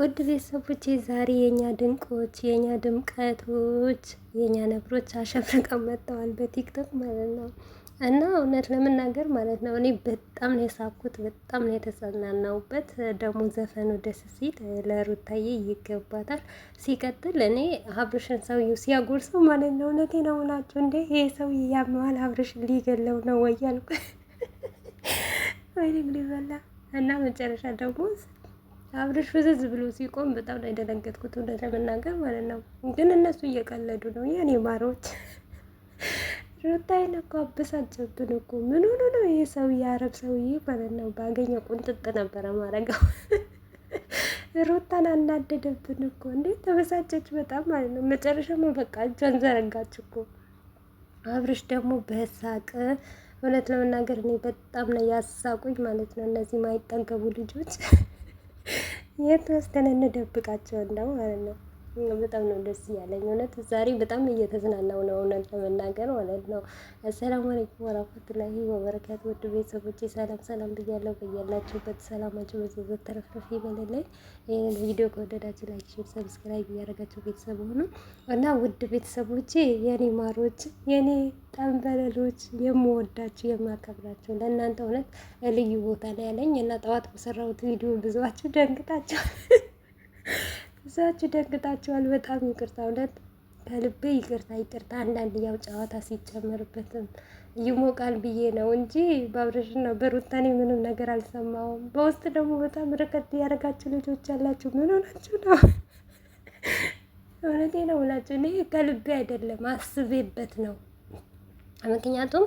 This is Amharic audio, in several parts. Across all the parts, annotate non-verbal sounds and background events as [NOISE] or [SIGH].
ውድ ቤተሰቦቼ ዛሬ የእኛ ድንቆች የእኛ ድምቀቶች የእኛ ነብሮች አሸብርቀው መጥተዋል በቲክቶክ ማለት ነው። እና እውነት ለመናገር ማለት ነው እኔ በጣም ነው የሳኩት፣ በጣም ነው የተጸናናውበት። ደግሞ ዘፈኑ ደስ ሲል ለሩታዬ ይገባታል። ሲቀጥል እኔ ሀብርሽን ሰውዬው ሲያጎርሰው ማለት ነው እውነቴ ነው ናቸው እንዴ ይሄ ሰው ያመዋል ሀብርሽ ሊገለው ነው ወያል ወይ እና መጨረሻ ደግሞ አብርሽ ፍዘዝ ብሎ ሲቆም በጣም ነው የደነገጥኩት፣ እውነት ለመናገር ማለት ነው። ግን እነሱ እየቀለዱ ነው። የኔ ማሮች [LAUGHS] ሩታዬን እኮ አበሳጨብን እኮ። ምን ሆኖ ነው ይሄ ሰውዬ? አረብ ሰውዬ ማለት ነው። ባገኘ ቁንጥጥ ነበረ ማረገው። [LAUGHS] ሩታን አናደደብን እኮ እንዴ! ተበሳጨች በጣም ማለት ነው። መጨረሻ በቃ እጇን ዘረጋች እኮ። አብርሽ ደግሞ በሳቅ እውነት ለመናገር እኔ በጣም ነው ያሳቁኝ ማለት ነው። እነዚህ ማይጠገቡ ልጆች [LAUGHS] የት የተወሰነ እንደብቃቸው እንደው ማለት ነው። በጣም ነው ደስ እያለኝ እውነት ዛሬ በጣም እየተዝናናው ነው እውነት ለመናገር ማለት ነው። አሰላሙ አለይኩም ወራህመቱላሂ ወበረካቱ ውድ ቤተሰቦቼ ሰላም ሰላም ብያለሁ። በያላችሁበት ሰላማችሁ በዘዘት ተረፍረፍ ይበልልኝ። ይህንን ቪዲዮ ከወደዳችሁ ላይክ፣ ሼር፣ ሰብስክራይብ እያደረጋችሁ ቤተሰብ ሆኑ እና ውድ ቤተሰቦቼ የኔ ማሮች፣ የኔ ጠንበለሎች፣ የምወዳችሁ የማከብራችሁ ለእናንተ እውነት ልዩ ቦታ ላይ ያለኝ እና ጠዋት በሰራሁት ቪዲዮ ብዙዋችሁ ደንግጣችኋል። እዛችሁ ደንግጣችኋል። በጣም ይቅርታ፣ እውነት ከልቤ ይቅርታ ይቅርታ። አንዳንድ ያው ጨዋታ ሲጨመርበትም ይሞቃል ብዬ ነው እንጂ በአብረሽና በሩታኔ ምንም ነገር አልሰማውም። በውስጥ ደግሞ በጣም ርከት ያደረጋችሁ ልጆች ያላችሁ ምን ሆናችሁ ነው? እውነቴ ነው ብላችሁ እኔ ከልቤ አይደለም አስቤበት ነው ምክንያቱም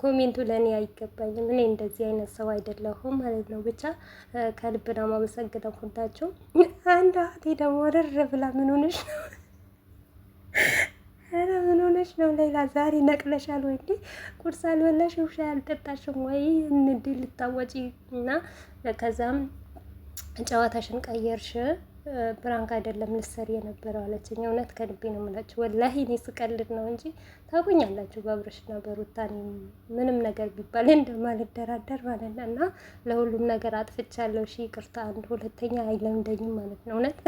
ኮሜንቱ ለእኔ አይገባኝም። እኔ እንደዚህ አይነት ሰው አይደለሁም ማለት ነው። ብቻ ከልብ ነው የማመሰግነው ሁላችሁ። አንድ እህቴ ደግሞ ርር ብላ ምን ሆነሽ ነው? ኧረ ምን ሆነሽ ነው ሌላ ዛሬ ነቅለሻል ወይ እንዴ? ቁርስ አልበላሽ፣ ውሻ ያልጠጣሽም ወይ እንድል ልታወጪ እና ከዛም ጨዋታሽን ቀየርሽ፣ ብራንክ አይደለም ልትሰሪ የነበረው አለችኝ። እውነት ከልቤ ነው የምላችሁ፣ ወላሂ እኔ ስቀልድ ነው እንጂ ታውቁኛላችሁ፣ በአብርሽና በሩታ ምንም ነገር ቢባል እንደማልደራደር ማለት ነው። እና ለሁሉም ነገር አጥፍቻለሁ፣ ሺ ቅርታ፣ አንድ ሁለተኛ አይለምደኝም ማለት ነው። እውነት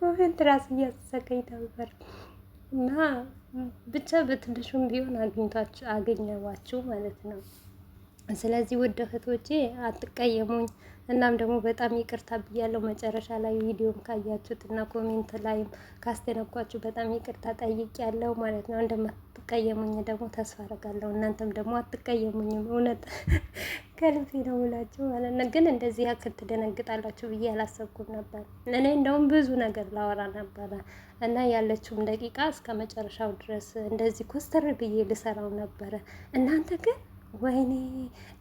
ኮሜንት ራስ እያሰቀኝ ነበር እና ብቻ በትንሹም ቢሆን አግኝቷችሁ አገኘዋችሁ ማለት ነው። ስለዚህ ውድ እህቶቼ አትቀየሙኝ። እናም ደግሞ በጣም ይቅርታ ብያለሁ። መጨረሻ ላይ ቪዲዮም ካያችሁት እና ኮሜንት ላይም ካስደነኳችሁ በጣም ይቅርታ ጠይቄያለሁ ማለት ነው። እንደማትቀየሙኝ ደግሞ ተስፋ አደርጋለሁ። እናንተም ደግሞ አትቀየሙኝም። እውነት [LAUGHS] ከልቤ ነው ብላችሁ ማለት ነው። ግን እንደዚህ ያክል ትደነግጣላችሁ ብዬ አላሰብኩም ነበር። እኔ እንደውም ብዙ ነገር ላወራ ነበረ እና ያለችውም ደቂቃ እስከ መጨረሻው ድረስ እንደዚህ ኮስተር ብዬ ልሰራው ነበረ። እናንተ ግን ወይኔ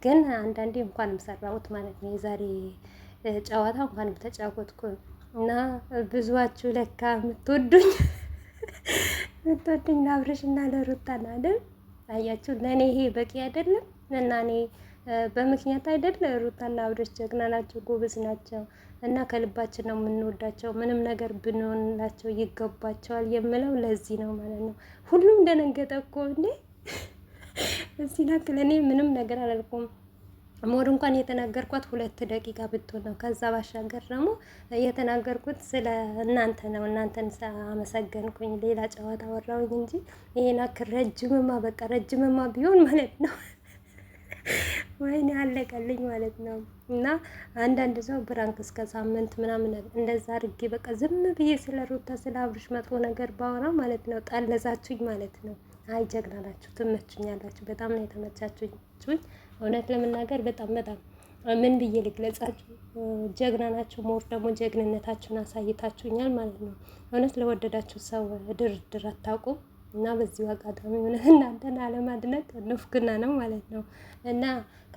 ግን አንዳንዴ እንኳንም ሰራሁት ማለት ነው። የዛሬ ጨዋታ እንኳንም ተጫወትኩ እና ብዙዋችሁ ለካ የምትወዱኝ [LAUGHS] የምትወዱኝ ለአብረሽ እና ለሩታ ናደም አያችሁ። ለእኔ ይሄ በቂ አይደለም እና እኔ በምክንያት አይደለ ሩታና አብረሽ ጀግና ናቸው፣ ጎበዝ ናቸው እና ከልባችን ነው የምንወዳቸው። ምንም ነገር ብንሆንላቸው ይገባቸዋል የምለው ለዚህ ነው ማለት ነው። ሁሉም ደነገጠ እኮ እንዴ! እዚህ ላክ ምንም ነገር አላልኩም። ሞር እንኳን የተናገርኳት ሁለት ደቂቃ ብትሆን ነው። ከዛ ባሻገር ደግሞ የተናገርኩት ስለ እናንተ ነው። እናንተን አመሰገንኩኝ። ሌላ ጨዋታ ወራውኝ እንጂ ይሄን አክል ረጅምማ በቃ ረጅምማ ቢሆን ማለት ነው ወይኔ አለቀልኝ ማለት ነው። እና አንዳንድ ሰው ብራንክ እስከ ሳምንት ምናምን እንደዛ አድርጌ በቃ ዝም ብዬ ስለ ሩታ ስለ አብርሽ መጥፎ ነገር ባወራ ማለት ነው ጠለዛችሁኝ ማለት ነው። አይ ጀግና ናችሁ፣ ትመቹኛላችሁ። በጣም ነው የተመቻችሁኝ። እውነት ለመናገር በጣም በጣም ምን ብዬ ልግለጻችሁ? ጀግና ናችሁ። ሞር ደግሞ ጀግንነታችሁን አሳይታችሁኛል ማለት ነው። እውነት ለወደዳችሁ ሰው ድርድር አታውቁም እና በዚሁ አጋጣሚ ሆነ እናንተን አለማድነቅ ንፍግና ነው ማለት ነው። እና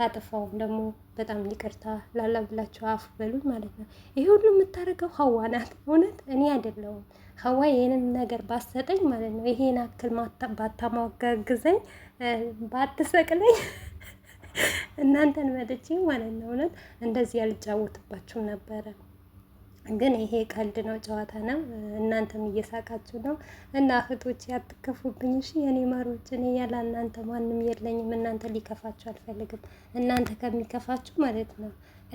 ካጠፋውም ደግሞ በጣም ይቅርታ ላላ ብላችሁ አፍ በሉኝ ማለት ነው። ይሄ ሁሉ የምታደርገው ሀዋ ናት። እውነት እኔ አይደለሁም። ሀዋ ይህንን ነገር ባሰጠኝ ማለት ነው ይሄን አክል ባታማጋግዘኝ ባትሰቅለኝ እናንተን መጥቼ ማለት ነው እውነት እንደዚህ ያልጫወትባችሁም ነበረ። ግን ይሄ ቀልድ ነው፣ ጨዋታ ነው። እናንተም እየሳቃችሁ ነው። እና እህቶች ያትከፉብኝ፣ እሺ የኔ ማሮች። እኔ ያለ እናንተ ማንም የለኝም። እናንተ ሊከፋችሁ አልፈልግም። እናንተ ከሚከፋችሁ ማለት ነው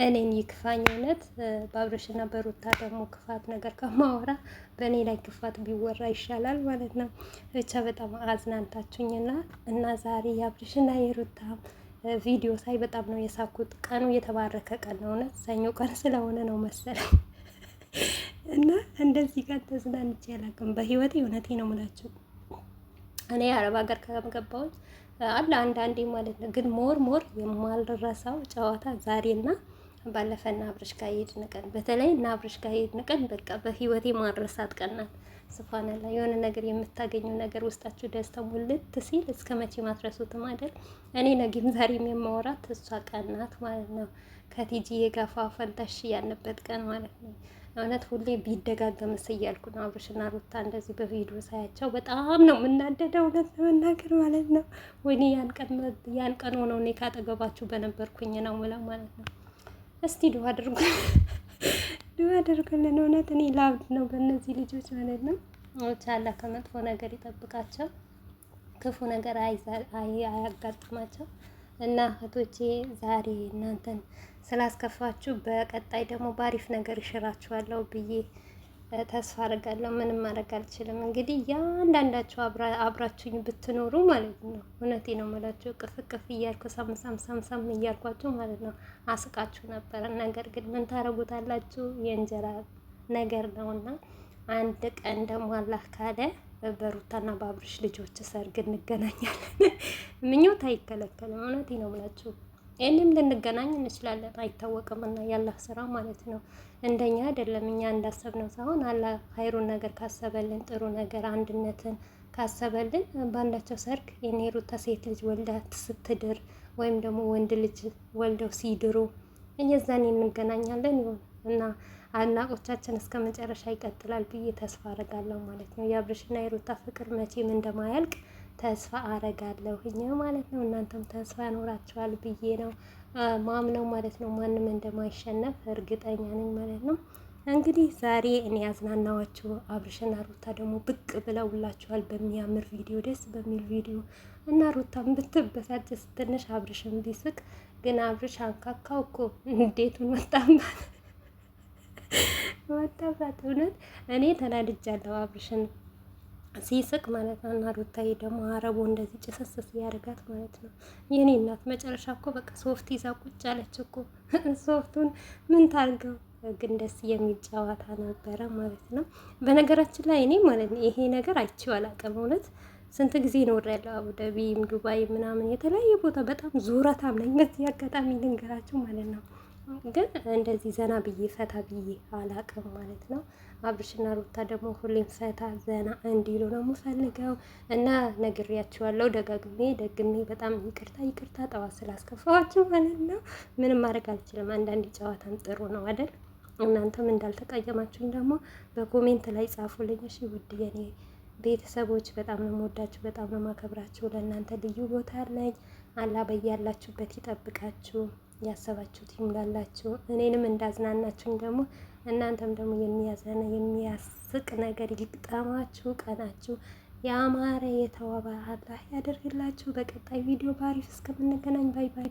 እኔን ይክፋኝ። እውነት በአብረሽና በሩታ ደግሞ ክፋት ነገር ከማወራ በእኔ ላይ ክፋት ቢወራ ይሻላል ማለት ነው። ብቻ በጣም አዝናንታችሁኝና እና ዛሬ የአብረሽና የሩታ ቪዲዮ ሳይ በጣም ነው የሳኩት። ቀኑ የተባረከ ቀን ነው እውነት። ሰኞ ቀን ስለሆነ ነው መሰለኝ እና እንደዚህ ቀን ተዝናንቼ አላውቅም በህይወቴ። እውነቴ ነው የምላቸው እኔ አረብ ሀገር ከገባሁኝ አለ አንዳንዴ ማለት ነው። ግን ሞር ሞር የማልረሳው ጨዋታ ዛሬና ባለፈ እና አብረሽ ጋር የሄድን ቀን በተለይ እና አብረሽ ጋር የሄድን ቀን በቃ በህይወቴ ማረሳት ቀናት ናት። የሆነ ነገር የምታገኘው ነገር ውስጣችሁ ደስታ ሙልት ሲል እስከ መቼ ማትረሱትም አይደል? እኔ ነጊም ዛሬም የማወራት እሷ ቀናት ማለት ነው። ከቲጂ የጋፋ ፈንታሽ ያለበት ቀን ማለት ነው። እውነት ሁሌ ቢደጋገምስ እያልኩ ነው። አብርሽና ሩታ እንደዚህ በቪዲዮ ሳያቸው በጣም ነው የምናደደው፣ እውነት ለመናገር ማለት ነው። ወይኔ ያን ቀን ሆነው እኔ ካጠገባችሁ በነበርኩኝ ነው ምለው ማለት ነው። እስቲ ድዋ አድርጉ፣ ድዋ አድርጉልን። እውነት እኔ ላብድ ነው በእነዚህ ልጆች ማለት ነው። ቻላ ከመጥፎ ነገር ይጠብቃቸው፣ ክፉ ነገር አያጋጥማቸው እና እህቶቼ ዛሬ እናንተን ስላስከፋችሁ በቀጣይ ደግሞ ባሪፍ ነገር ይሽራችኋለው ብዬ ተስፋ አደርጋለሁ። ምንም ማድረግ አልችልም። እንግዲህ ያንዳንዳችሁ አብራችሁኝ ብትኖሩ ማለት ነው። እውነቴ ነው የምላችሁ ቅፍ ቅፍ እያልኩ ሳምሳምሳምሳም እያልኳችሁ ማለት ነው አስቃችሁ ነበረ። ነገር ግን ምን ታደርጉታላችሁ? የእንጀራ ነገር ነውና አንድ ቀን ደግሞ አላህ ካለ በሩታና በአብርሽ ልጆች ሰርግ እንገናኛለን። [LAUGHS] ምኞት አይከለከልም። እውነቴ ነው የምላችሁ። ይህንም ልንገናኝ እንችላለን አይታወቅም። እና ያላህ ስራ ማለት ነው እንደኛ አይደለም። እኛ እንዳሰብነው ሳይሆን አላህ ሀይሩን ነገር ካሰበልን፣ ጥሩ ነገር አንድነትን ካሰበልን በአንዳቸው ሰርግ የኔ ሩታ ሴት ልጅ ወልዳ ስትድር ወይም ደግሞ ወንድ ልጅ ወልደው ሲድሩ እየዛኔ እንገናኛለን ይሆን እና አድናቆቻችን እስከ መጨረሻ ይቀጥላል ብዬ ተስፋ አረጋለሁ ማለት ነው። የአብርሽና የሩታ ፍቅር መቼም እንደማያልቅ ተስፋ አረጋለሁኝ ማለት ነው። እናንተም ተስፋ ኖራችኋል ብዬ ነው ማምነው ማለት ነው። ማንም እንደማይሸነፍ እርግጠኛ ነኝ ማለት ነው። እንግዲህ ዛሬ እኔ ያዝናናዋችሁ አብርሽና ሩታ ደግሞ ብቅ ብለውላችኋል በሚያምር ቪዲዮ፣ ደስ በሚል ቪዲዮ እና ሩታም ብትበሳጭ ስትንሽ አብርሽን ቢስቅ ግን አብርሽ አንካካው እኮ እንዴቱን ወጣባት ወጣባት። እውነት እኔ ተናድጃለሁ አብርሽን ሲስቅ ማለት ነው። እና ሩታዬ ደግሞ አረቡ እንደዚህ ጭስስስ ያደርጋት ማለት ነው። የኔ እናት መጨረሻ እኮ በቃ ሶፍት ይዛ ቁጭ አለች እኮ። [LAUGHS] ሶፍቱን ምን ታርገው ግን ደስ የሚል ጨዋታ ነበረ ማለት ነው። በነገራችን ላይ እኔ ማለት ነው ይሄ ነገር አይቼው አላውቅም እውነት። ስንት ጊዜ እኖራለሁ አቡዳቢም ዱባይ ምናምን የተለያየ ቦታ በጣም ዙረታም ነኝ። በዚህ አጋጣሚ ልንገራችሁ ማለት ነው። ግን እንደዚህ ዘና ብዬ ፈታ ብዬ አላውቅም ማለት ነው። አብርሽና ሩታ ደግሞ ሁሌም ፈታ ዘና እንዲሉ ነው የምፈልገው እና ያለው ደጋግሜ ደግሜ በጣም ይቅርታ ይቅርታ፣ ጠዋት ስላስከፋዋችሁ ማለት ነው። ምንም ማድረግ አልችልም። አንዳንድ ጨዋታም ጥሩ ነው አይደል? እናንተም እንዳልተቀየማችሁኝ ደግሞ በኮሜንት ላይ ጻፉልኝ። እሺ ውድ የኔ ቤተሰቦች በጣም ነው የምወዳችሁ፣ በጣም ነው የማከብራችሁ። ለእናንተ ልዩ ቦታ አለኝ። አላ በያላችሁበት ይጠብቃችሁ፣ ያሰባችሁት ይምላላችሁ እኔንም እንዳዝናናችሁኝ ደግሞ እናንተም ደግሞ የሚያዘነ የሚያስቅ ነገር ይግጠማችሁ፣ ቀናችሁ ያማረ የተዋበ አላህ ያደርግላችሁ። በቀጣይ ቪዲዮ በአሪፍ እስከምንገናኝ ባይ ባይ።